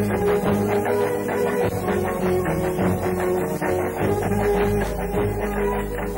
Thank you.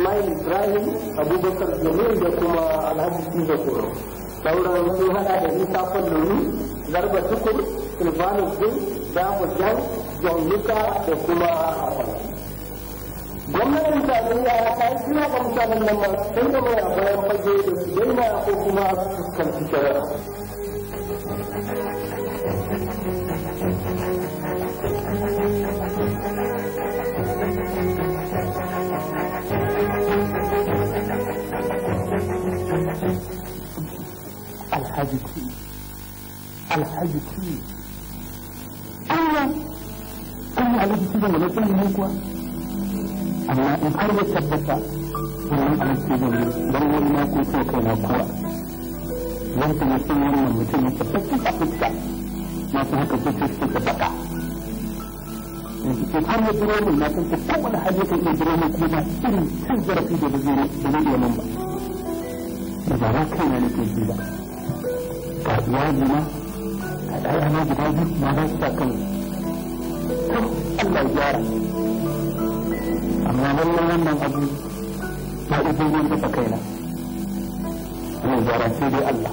ismail ibrahim abubakar jamil da kuma alhaji cizo koro sauran sun hada da isa kwalloni garba tukur silvanus din dafa jan john luka da kuma hakan gwamnatin tarayya ta yi kira ga mutanen nan ba sai da mai bayan fage da su daina ko kuma fuskanci shari'a alhaji kuɗi Allah Allah amma in har tabbata wannan alhaji kuwa wanda mutum wannan mutum ya tabbata a to har ya jiro min na san ko kowane hali kan iya jiro min kuma irin kan zarafi da zai da zai iya min ba da ba ba kaina nake ji ba ga iyali na ga ɗaya na guda biyu na ba su da kan Allah ya gyara amma lallai wannan abu ya ibo yin dafa kaina zai gyara sai dai Allah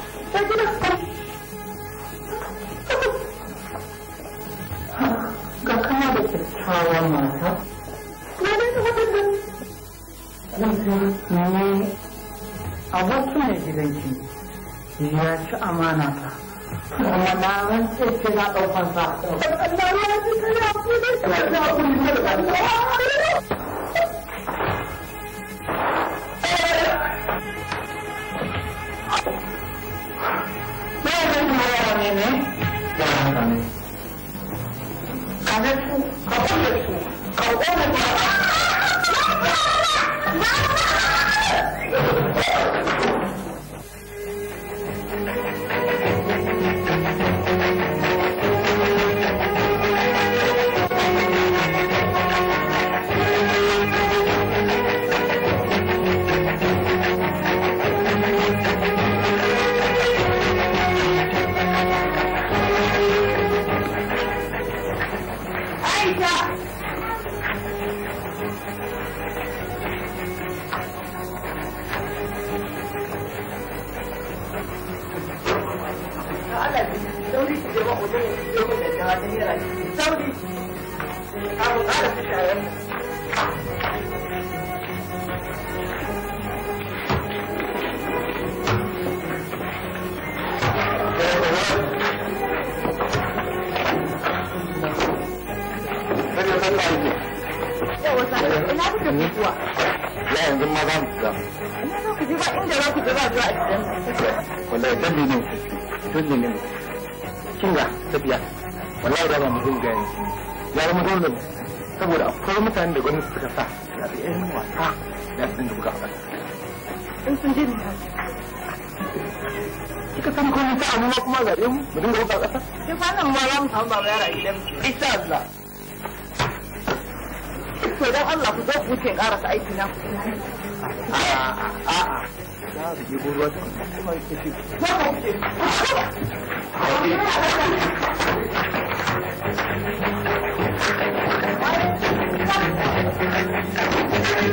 Yes, amanata. Amanangan sa sinataw pang sakto. At ang nangyari sa kanya, pwede sa kanya, pwede sa kanya. zama dole saboda akwai mutanen da gwamnati suka sa ya fi yan wasa ya sun da buga in sun je ne kika san kullum ta amma kuma zaɓe mu mu dinga buga ƙasa sai kwanan ma za mu samu baba yara gidan insha Allah to dan Allah ku zo ku wuce ƙarasa aiki na a'a a'a za su je ruwa ta kuma ita ce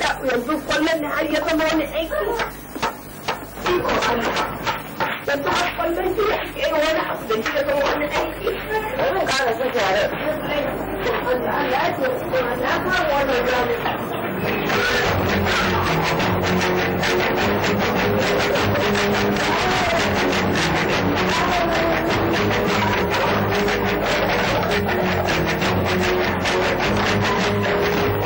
لا ويذوب كل النهار يا طمان ايكو ايكو انا يذوب كل انتي احكي وانا حفظتي يا طمان ايكي انا قاعدة تجارة لا تقول انا وانا قاعدة Thank you.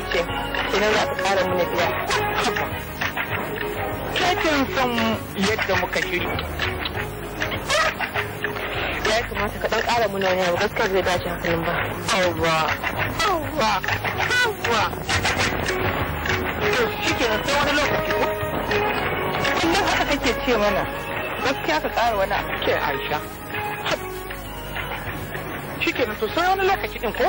ce idan za ka kara mana biya kakin son yadda muka shiri. ya kamata ka dan kara mana wani abu gaskiya zai dace hankalin ba Awa! Awa! Awa! to shi ke sai wani lokaci ko kullum haka kake ce mana gaskiya ka kara wani abu ke aisha shi ke to sai wani lokaci din ko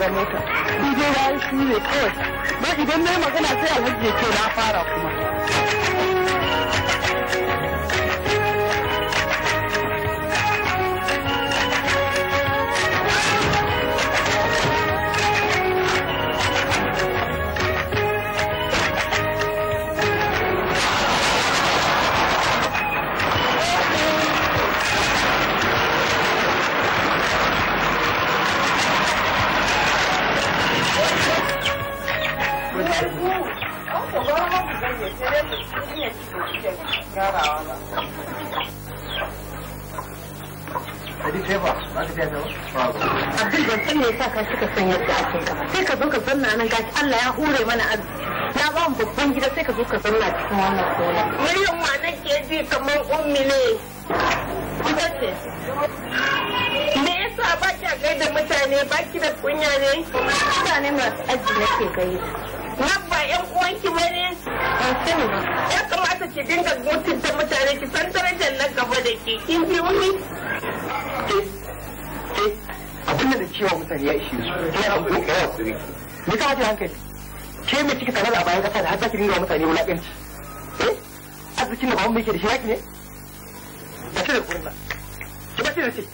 shiga mota. Ni dai ya shi ne kawai. Ba idan na yi magana sai alhaji ya ce na fara kuma. Muryan wa ke ji kamar ummi ne. Ita ce. Me yasa ba kya gaida mutane ba ki da kunya ne? Mutane masu aji na ke gaida. na ba ƴan uwanki ba ne? Ya kamata ki dinga mutunta mutane ki san darajar na gaba da ke. Kin ji ummi? abin da cewa mutane ya ishe su ya hankali ya hankali ni ka hankali ke mai ciki kanar a bayan kasa da har za ki dinga mutane wulaƙanci arzikin da baban yake da shi ne shi da kurin nan ki ba shi da shi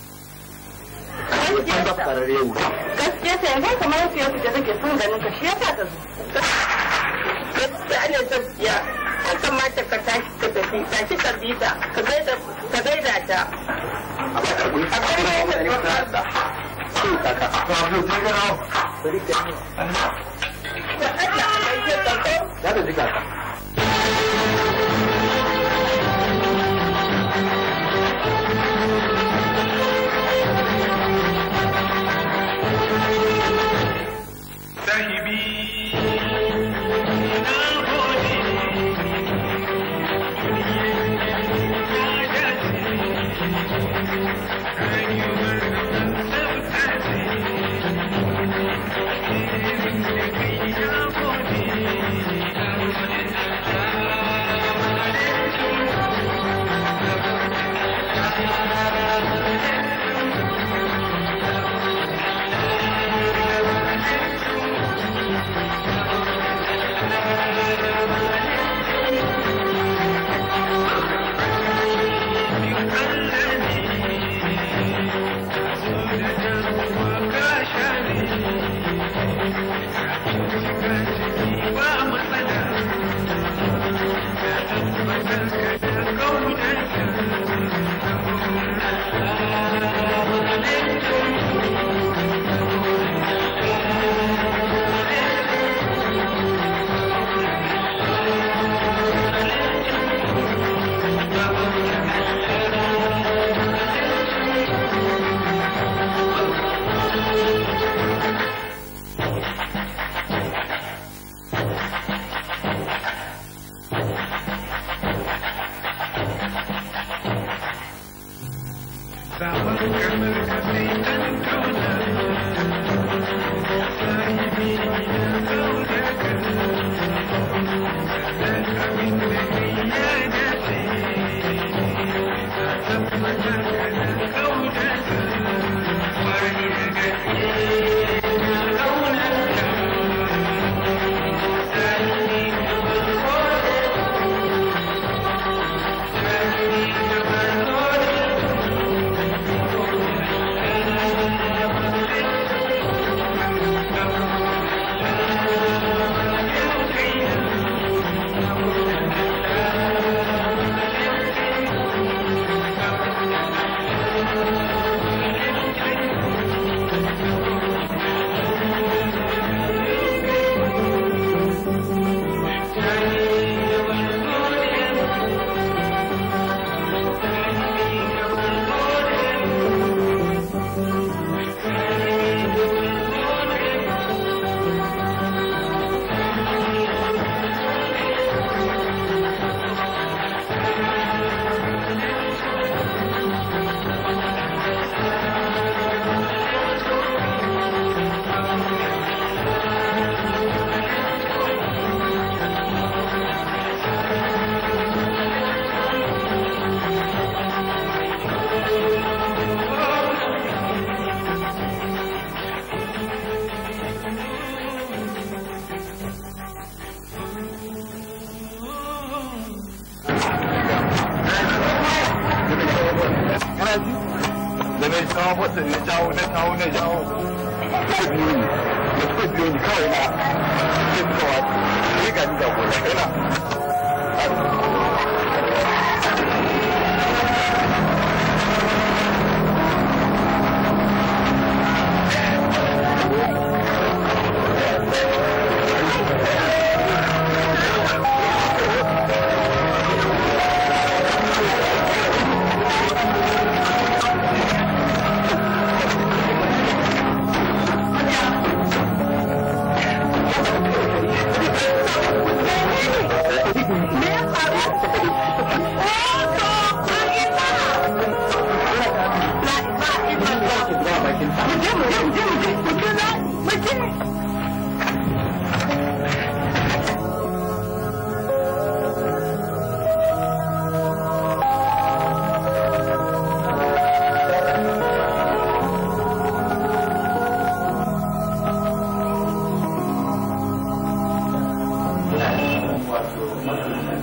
gaskiya ta yanzu kamar su yau da take son ganin ka shi ya sa ta zo gaskiya ne gaskiya ya kamata ka tashi ka tafi ka bi ta ka gaida ta a kan ne ta kaka ba mu ta da Allah ya kaka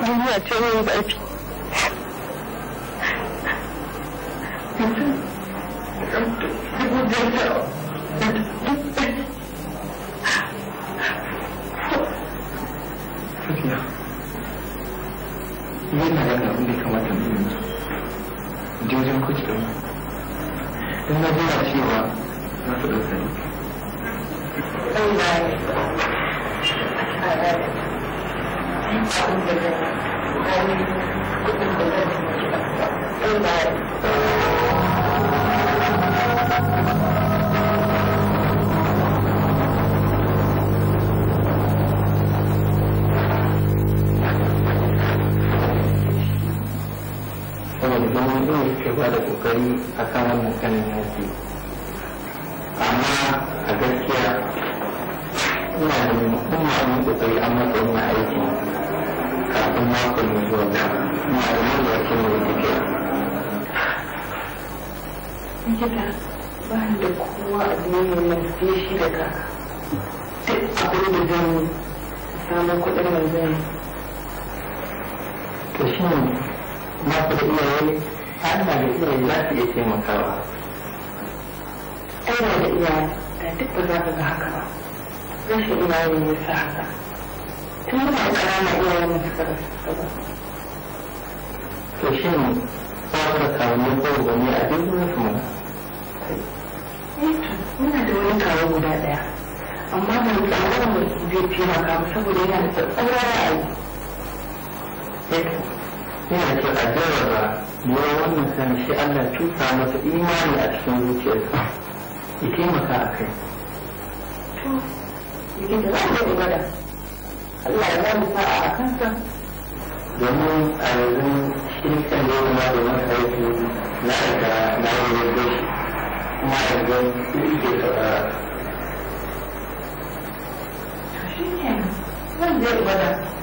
Duniya ce mai zafi. taimakawa tana da iyaye eh, da duk ba za ka ga haka ba rashin iyaye ya sa haka tun muna ƙarama iyayen mu suka da suka ba to shin ba ku da kawanni ko gwani a duk wasu mana eh, muna da wani kawo guda ɗaya amma ban tsawon zai taimaka saboda yana da tsatsauran ra'ayi eh, yana ce a jarraba lura wannan san shi Allah cuta masa imani a cikin zuciyarsa ya taimaka a kai. Bikin da za mu yi mana Allah ya zamu sa'a a kansa domin a yanzu shirkan da ya kuma da wani aiki na da na wani yadda shi kuma a yanzu yake saurara. Shi ne, zan je ibada.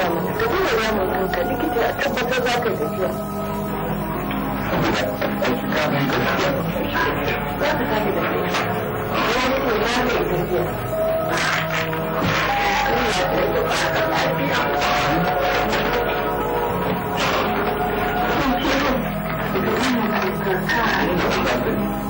gaya mana ka duba ramin kanka likita a tabbatar za ka tafiya. Za ka sake da tafiya. Thank you.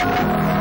Thank you.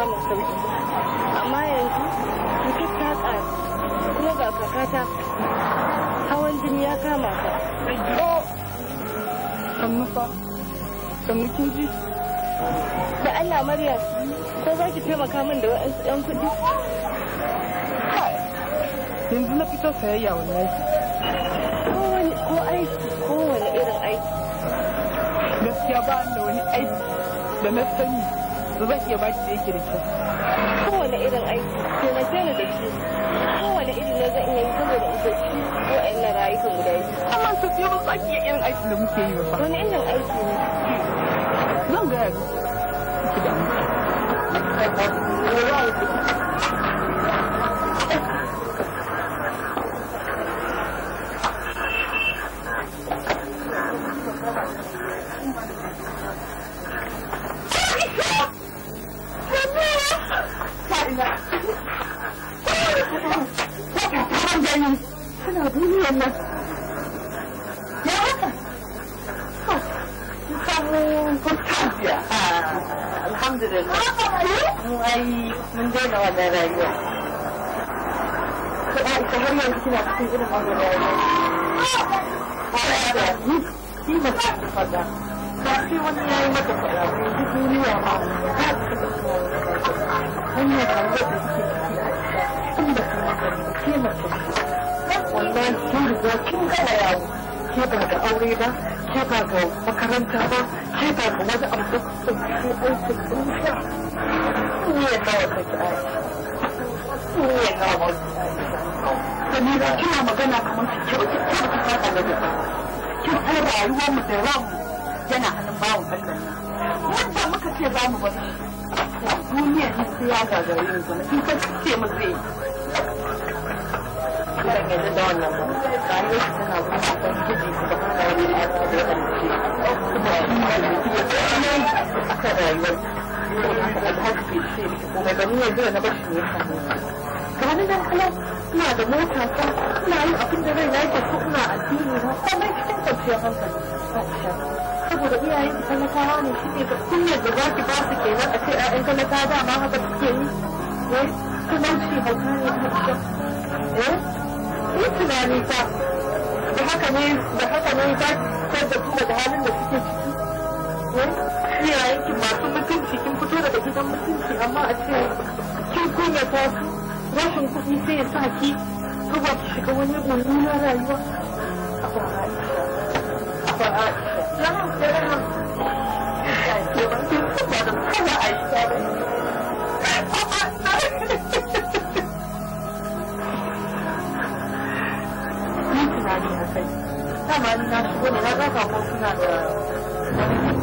samu sauki amma yanzu cutar ta tsari kuma ga kakata hawan jini ya kama ka ta amma fa sannu kin ji da Allah Maryam ko za ki taimaka min da wa'ansu ɗan kuɗi yanzu na fito sayayya wallahi kowane ko aiki kowane irin aiki gaskiya ba da wani aiki da na sani ba zan iya shi da yake da kyau kowane irin aiki taimake ni da shi kowane irin na zan iya yi saboda in ga shi ko a na rayukan guda yi. amma su biyu ba su ake irin aiki da muke yi ba wani irin aiki ne zan gaya ki damu da ranmu yana hannun bawon Allah na wanda muka ce za bar ne sai ya zama ka ce mu zai ina. da wannan ba, kare shi kuma kan da kuma ina da mota ta, asiri na, hankali. saboda iyayen su talakawa ne shi da kunyar da za ki ba su kenan a ce ƴaƴan talakawa dama haka suke yi wai eh, talauci hauka ne hauka eh ni eh, tunani fa da haka ne da haka ne za ki da su daga halin da suke ciki eh, iyayen ki masu mutunci kin fito daga gidan mutunci amma a ce kin kunyata su rashin kuɗi sai ya sa ki zuwa ki shiga wani mummunan rayuwa baban Aisha. Zaman da ba a kai.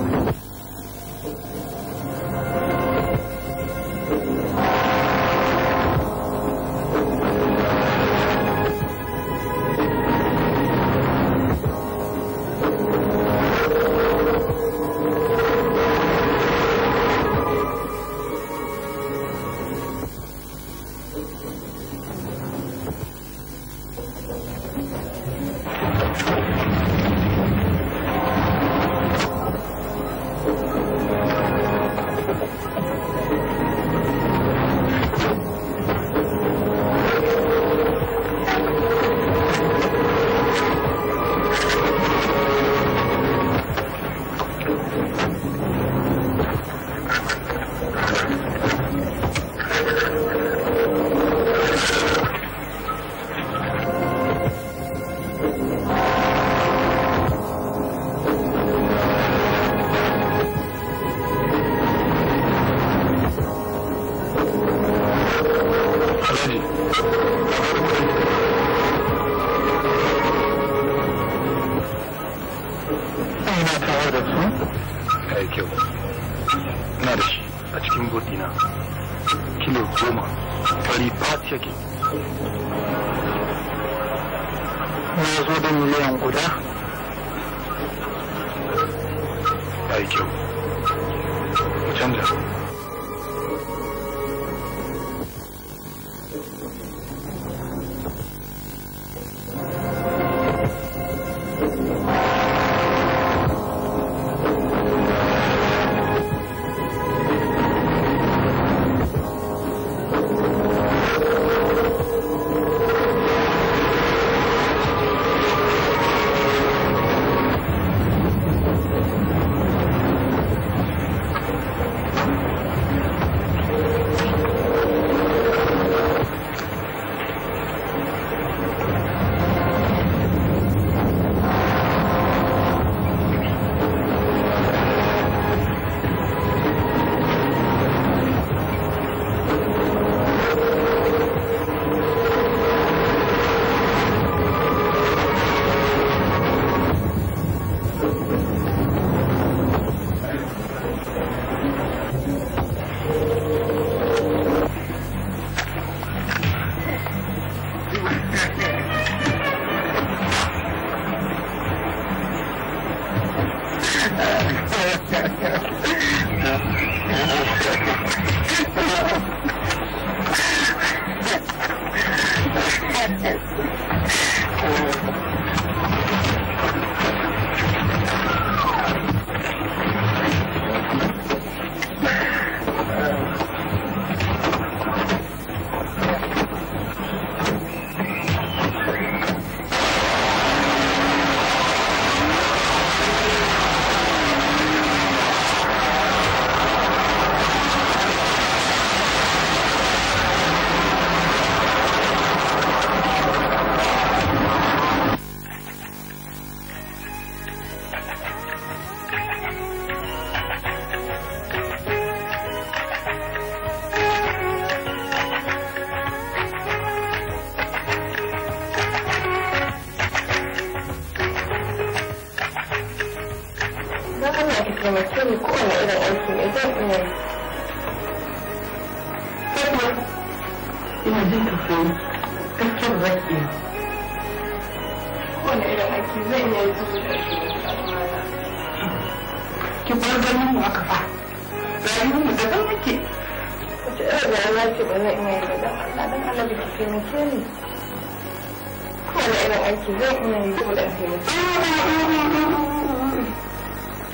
ki zai kuma yi dole a kai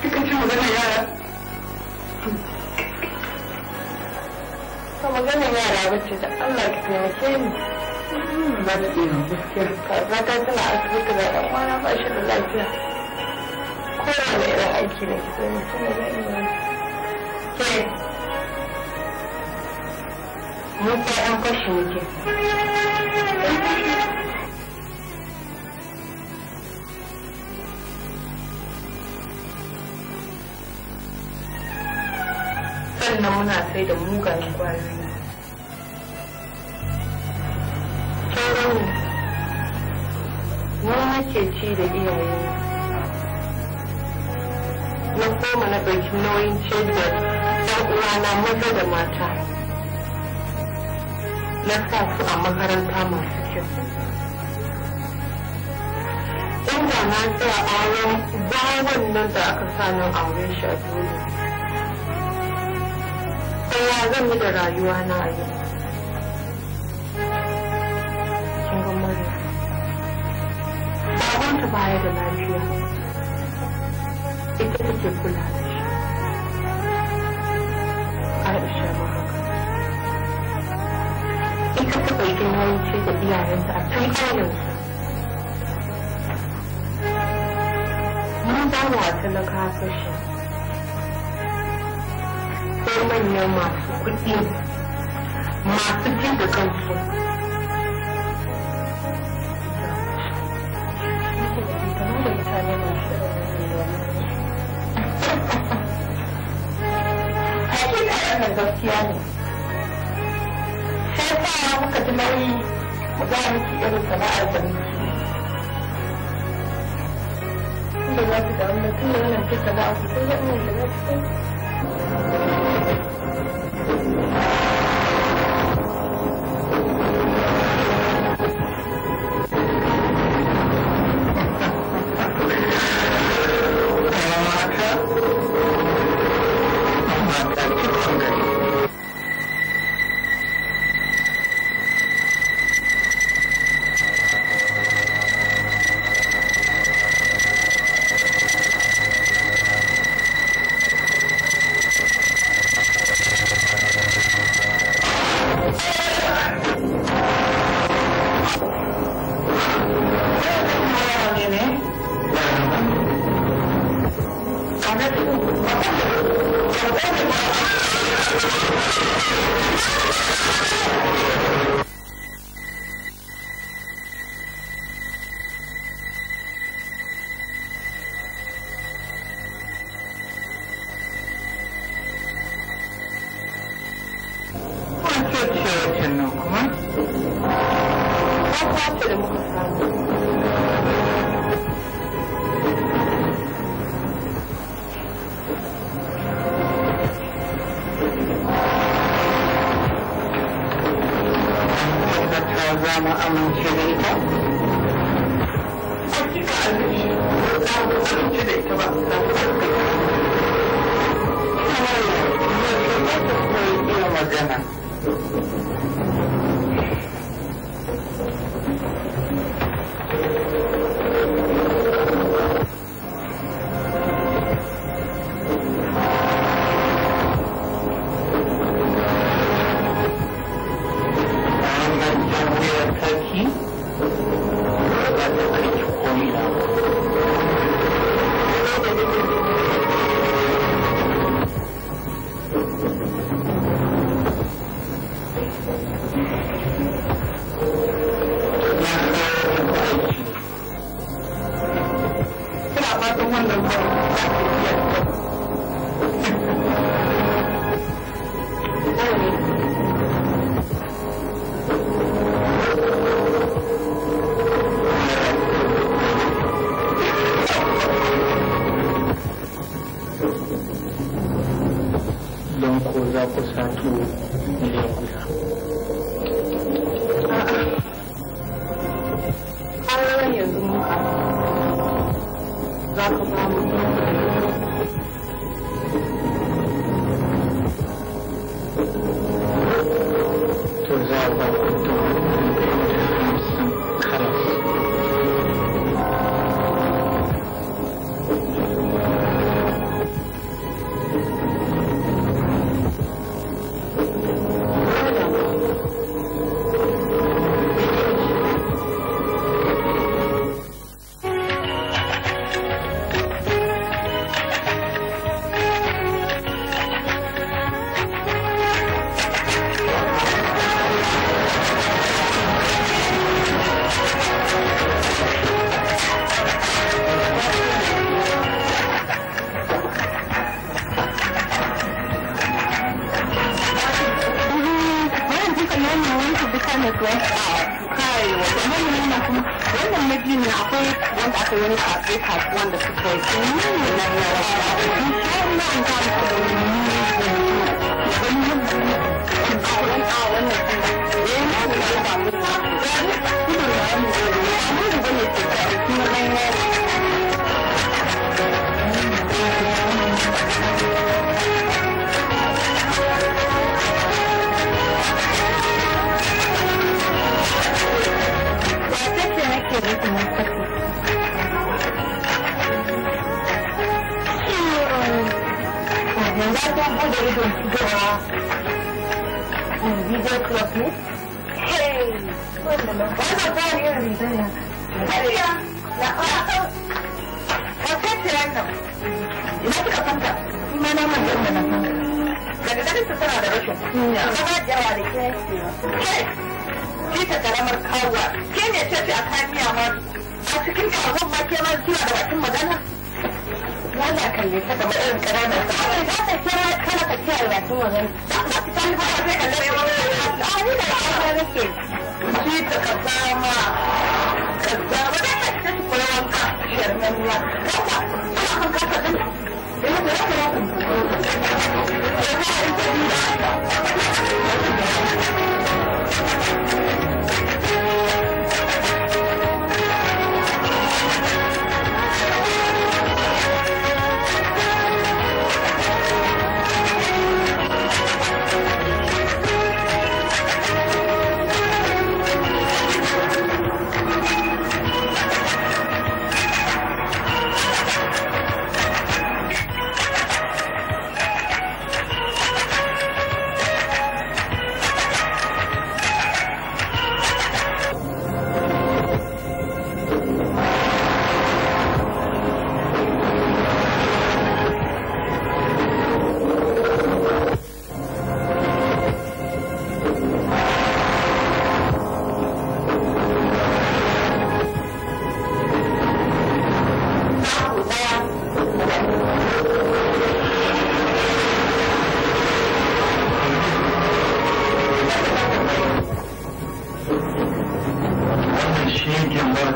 kika ci magana A ka magana yara bacci da Allah ki taimake ni da kaza ta tana asibiti da ɗan kwana ba shi da lafiya kowane irin aiki da ki da ni zai yi mun kwa ɗan kwashi muke nan muna sai da mugayen kwayoyi sauran wani nake ci da iyaye na koma na ɗauki nauyin ce da uwana maza da mata na sa su a makaranta masu kyau inda na sa auren bawon nan da aka sa nan aure shi a duniya rayuwa zan yi da rayuwa na yau kin ga murna ta baya da lafiya ita take kula da shi Aisha ma haka ita ta ɗauki nauyi ce da iyayenta a can ƙauyensu mun ba wa talaka fashin manyan masu kuɗi masu ji da kansu ne sai sa muka ji nauyi mu za mu ci irin sana'ar da muke inda za su damu mutum yana ce sana'a su sun ga inda za su kai sannan kuma ba ta da muka samu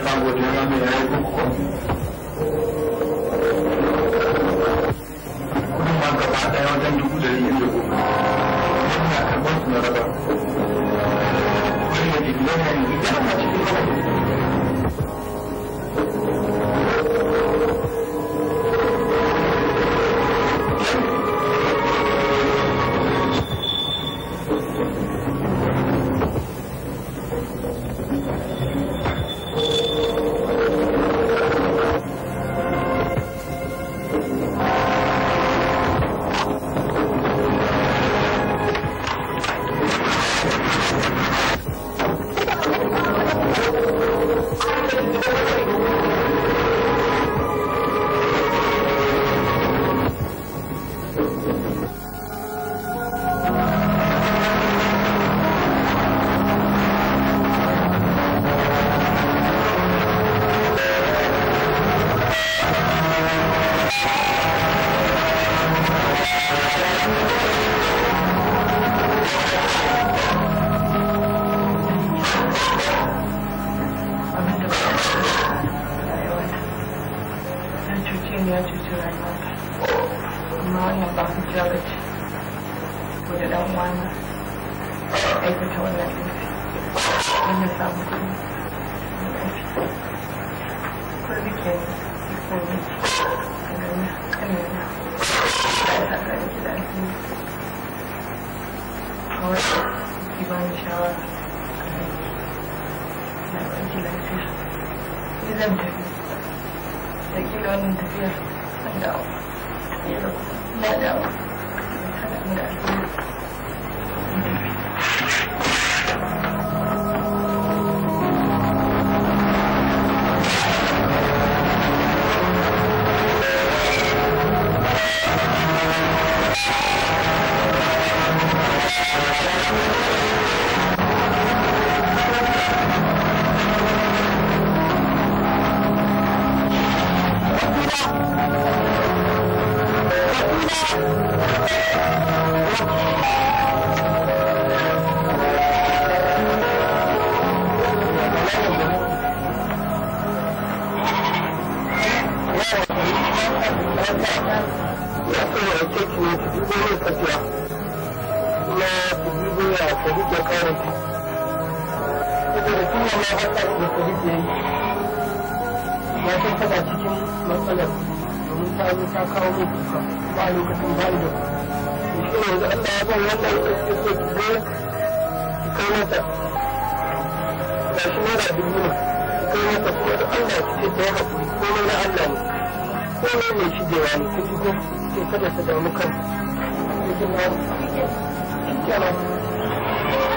看过《绝命毒火》。auren ku saboda kun yi ma ba da kuri da ba ba da ne da kai ne da ne kai da na Allah ne mai shigewa ne ta shigo ke Thank you.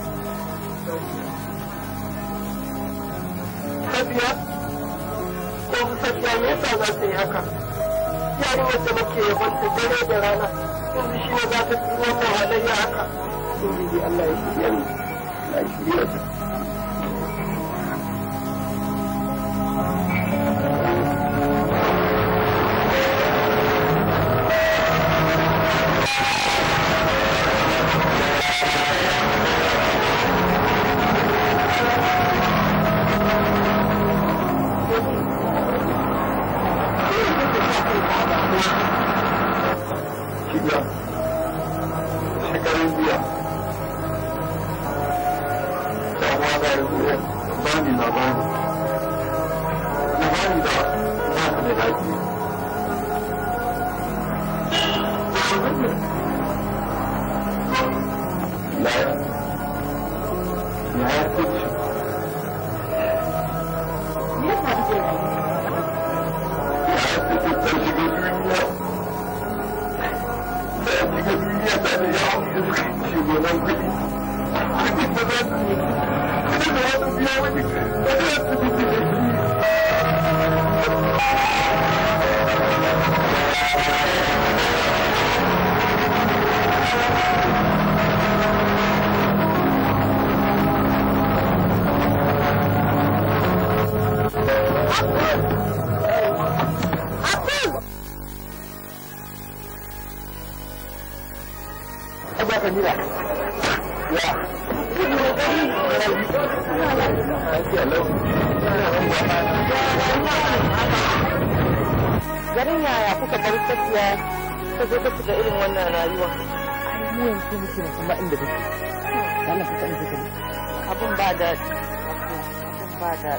Safiya? Ko Safiya yasa za ta yi haka? Yarinyar da muke yabanta dare da rana yanzu shi ne za ta tsiro ta halayya haka. Ubangiji Allah ya shirya Allah ya shirya ki muke kuma inda take kana fita inda take abin ba da abin ba da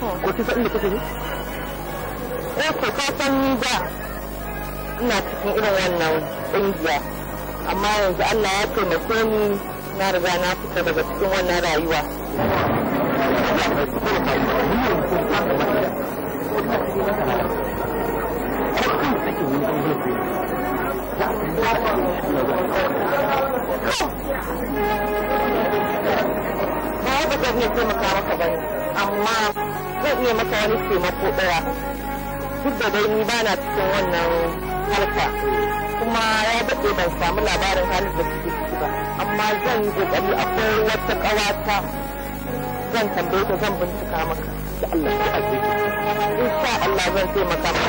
ko ki san inda take ne ko eh, ko ka san ni da ina cikin irin wannan kungiya amma yanzu Allah ya taimake ni na riga na fita daga cikin wannan rayuwa Thank you. ba ba zan iya taimaka maka ba amma zan iya maka wani taimako daya duk da dai ni bana cikin wannan harka kuma ya daɗe ban samu labarin halin da suke ciki ba amma zan yi kokari akwai wata ƙawata zan tambaye ta zan bincika maka da Allah ya aje insha Allah zan taimaka maka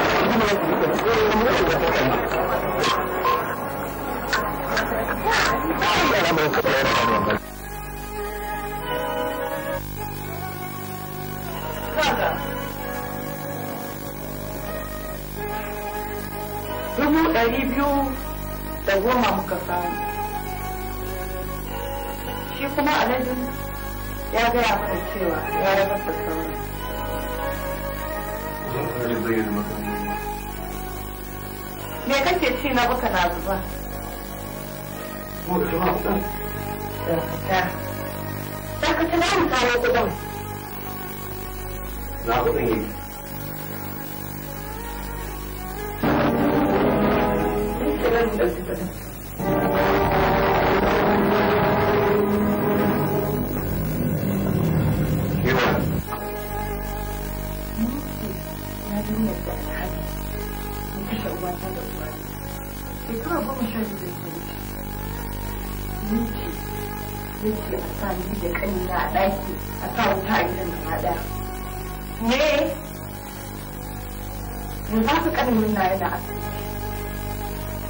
al'amarin ka ya faru wannan dubu ɗari biyu da goma muka samu shi kuma alhaji ya gaya mana cewa ya raba da sauran me kake ci na baka na zuba muutkin muuttunut. Että... Saako se vanhaa joku on? Naapuriin. Mistä löytyy yake a sa ni da kanina a ɗaki a sa wuta a gidan gaba ɗaya me yanzu haka kanin na yana asibiti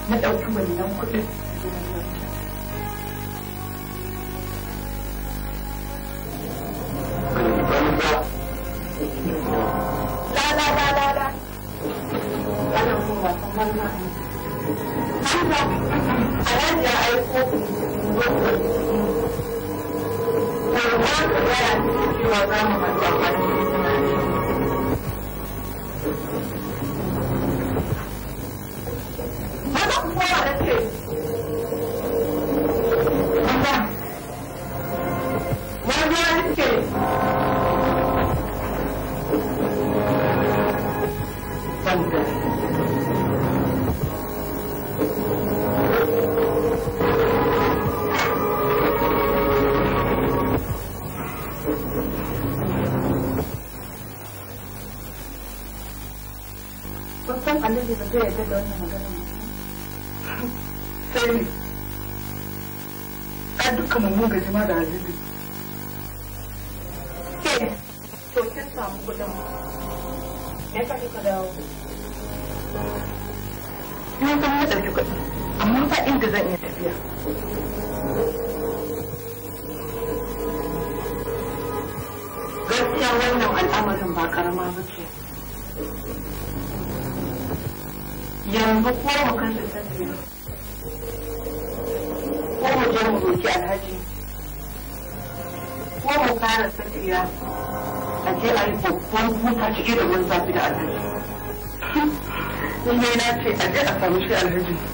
na ɗauki wannan kuɗin kama da hajjibi ke samu dawo amma ba zan iya tafiya gaskiya wannan al'amarin ba karama ba ce yanzu 咱们去哪去？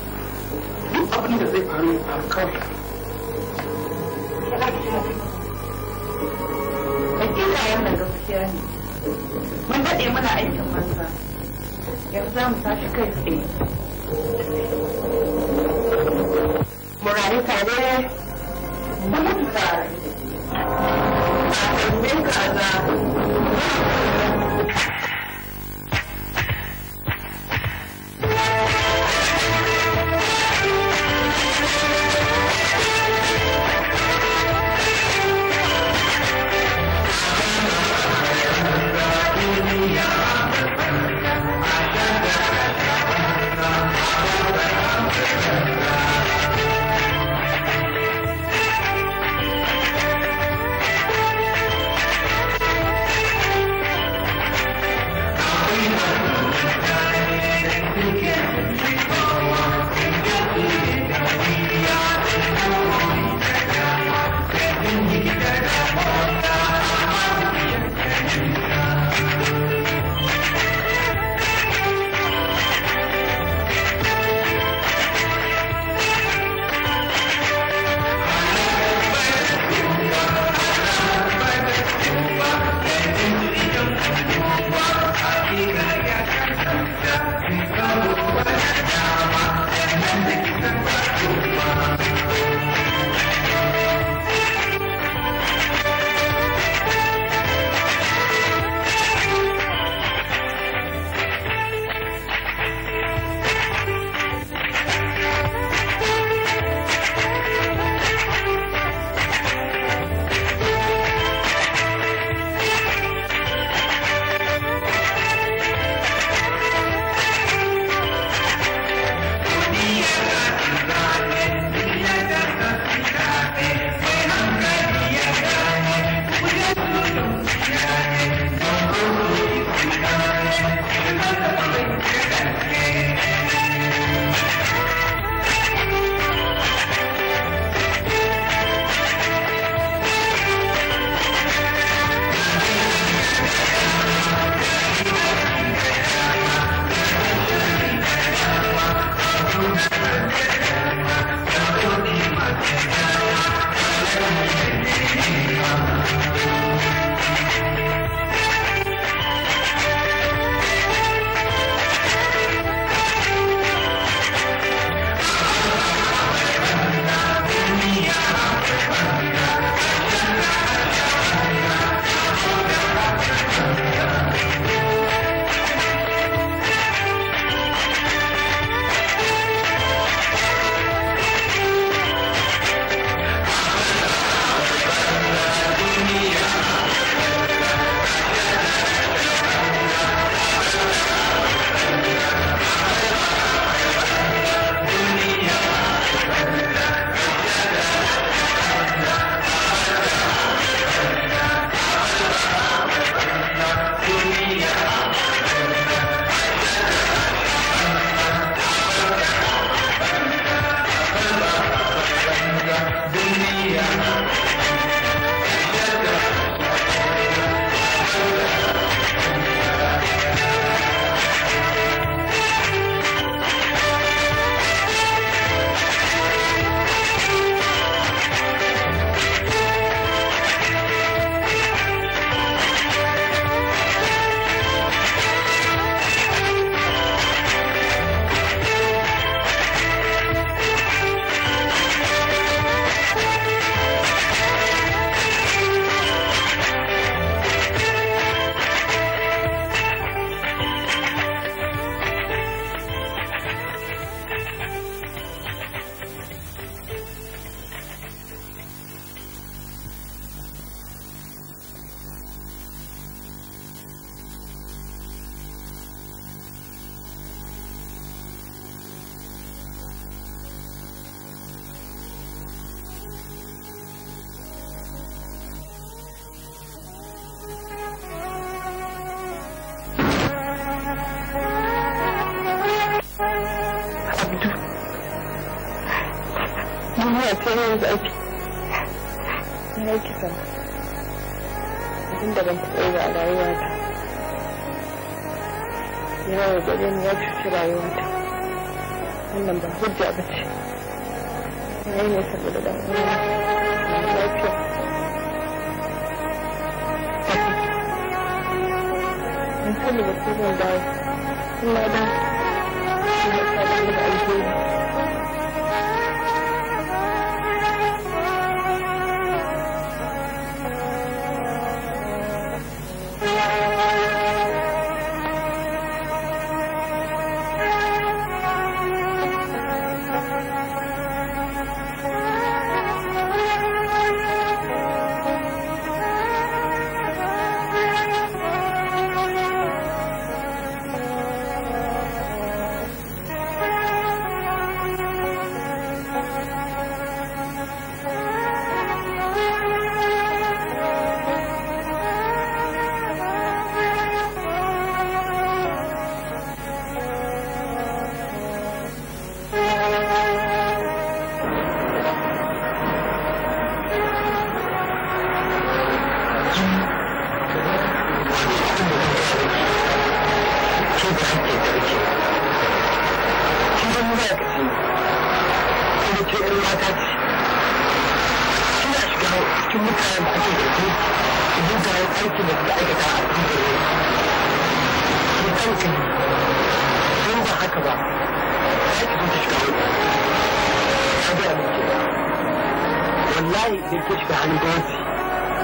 wallahi sun fi shiga hannun gwamnati.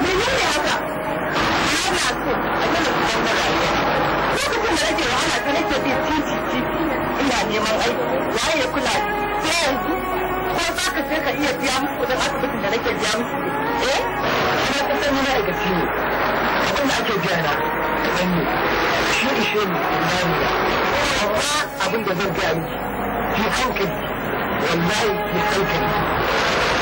Me ne haka? Ana so a yi musu ɗan rayuwa. Lokacin da nake wahala ta nake bin titi titi ina neman aiki waye ya kula sai yanzu ko za ka sai ka iya biya musu kuɗin asibitin da nake biya musu eh? Ina kusan nuna a gaci ne. Abin da ake biya na kaɗan ne. Shi ishe ni ba ni ba. Amma abin da zan biya miki ki hankali wallahi ki hankali.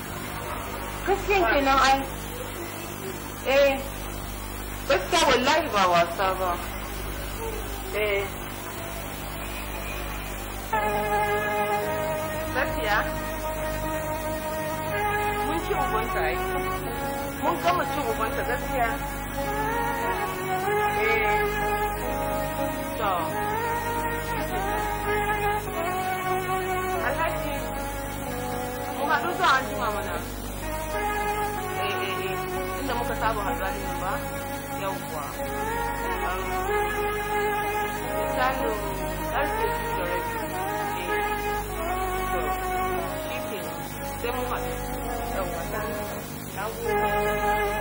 Christian kenan ai. Eh. Gaskiya wallahi ba wasa ba. Eh. Safiya. Mun ci ubanta ai. Mun gama ci ubanta gaskiya. Eh. To. Alhaji. Mu haɗu zuwa an jima mana. kama mtasabu habari nyumba ya ukwa tano ardhi shikin sai mu haɗu ɗan wasan ɗan kuma